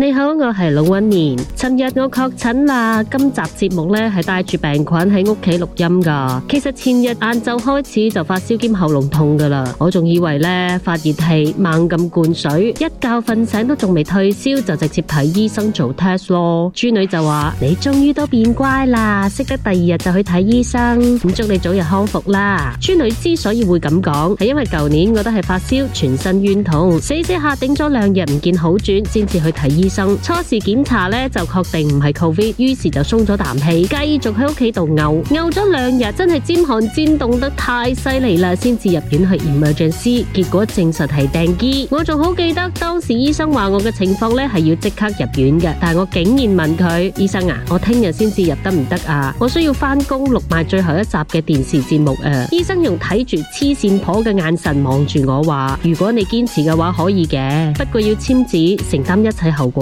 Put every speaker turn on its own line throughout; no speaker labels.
你好，我係老溫年。尋日我確診啦，今集節目咧係帶住病菌喺屋企錄音噶。其實前日晏晝開始就發燒兼喉嚨痛噶啦，我仲以為咧發熱氣猛咁灌水，一覺瞓醒都仲未退燒，就直接睇醫生做 test 咯。豬女就話：你終於都變乖啦，識得第二日就去睇醫生。咁祝你早日康復啦。豬女之所以會咁講，係因為舊年我都係發燒全身冤痛，死死下頂咗兩日唔見好轉，先至去睇醫生。初時檢查咧就確定唔係 COVID，於是就鬆咗啖氣，繼續喺屋企度嘔，嘔咗兩日，真係尖寒尖凍得太犀利啦，先至入院去 emergency，結果證實係定肌。我仲好記得當時醫生話我嘅情況咧係要即刻入院嘅，但係我竟然問佢：醫生啊，我聽日先至入得唔得啊？我需要翻工錄埋最後一集嘅電視節目啊！醫生用睇住痴線婆嘅眼神望住我話：如果你堅持嘅話可以嘅，不過要簽紙，承擔一切後果。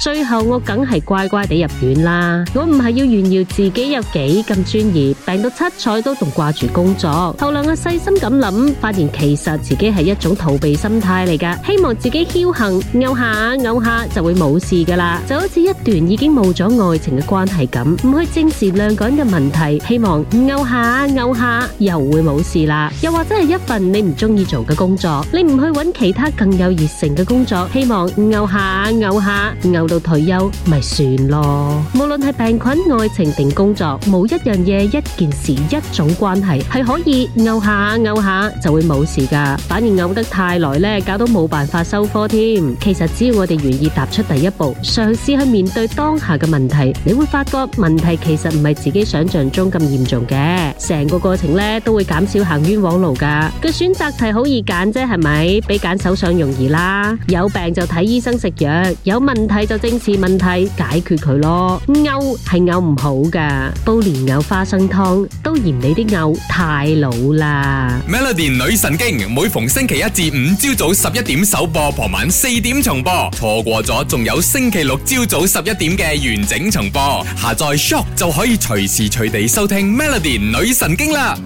最後我梗係乖乖地入院啦。我唔係要炫耀自己有幾咁專業，病到七彩都仲掛住工作。後來我細心咁諗，發現其實自己係一種逃避心態嚟噶，希望自己僥倖拗下拗下就會冇事噶啦。就好似一段已經冇咗愛情嘅關係咁，唔去正視兩個人嘅問題，希望拗下拗下又會冇事啦。又或者係一份你唔中意做嘅工作，你唔去搵其他更有熱誠嘅工作，希望拗下拗下又拗到退休咪算咯！無論係病菌、愛情定工作，冇一樣嘢、一件事、一種關係係可以拗下拗下就會冇事噶。反而拗得太耐咧，搞到冇辦法收科添。其實只要我哋願意踏出第一步，嘗試去面對當下嘅問題，你會發覺問題其實唔係自己想象中咁嚴重嘅。成個過程咧都會減少行冤枉路噶。個選擇題好易揀啫，係咪？比揀手相容易啦。有病就睇醫生食藥。有問題就正視問題，解決佢咯。拗係拗唔好㗎，煲蓮藕花生湯都嫌你啲藕太老啦。Melody 女神經每逢星期一至五朝早十一點首播，傍晚四點重播。錯過咗，仲有星期六朝早十一點嘅完整重播。下載 Syok 就可以隨時隨地收聽 Melody 女神經啦。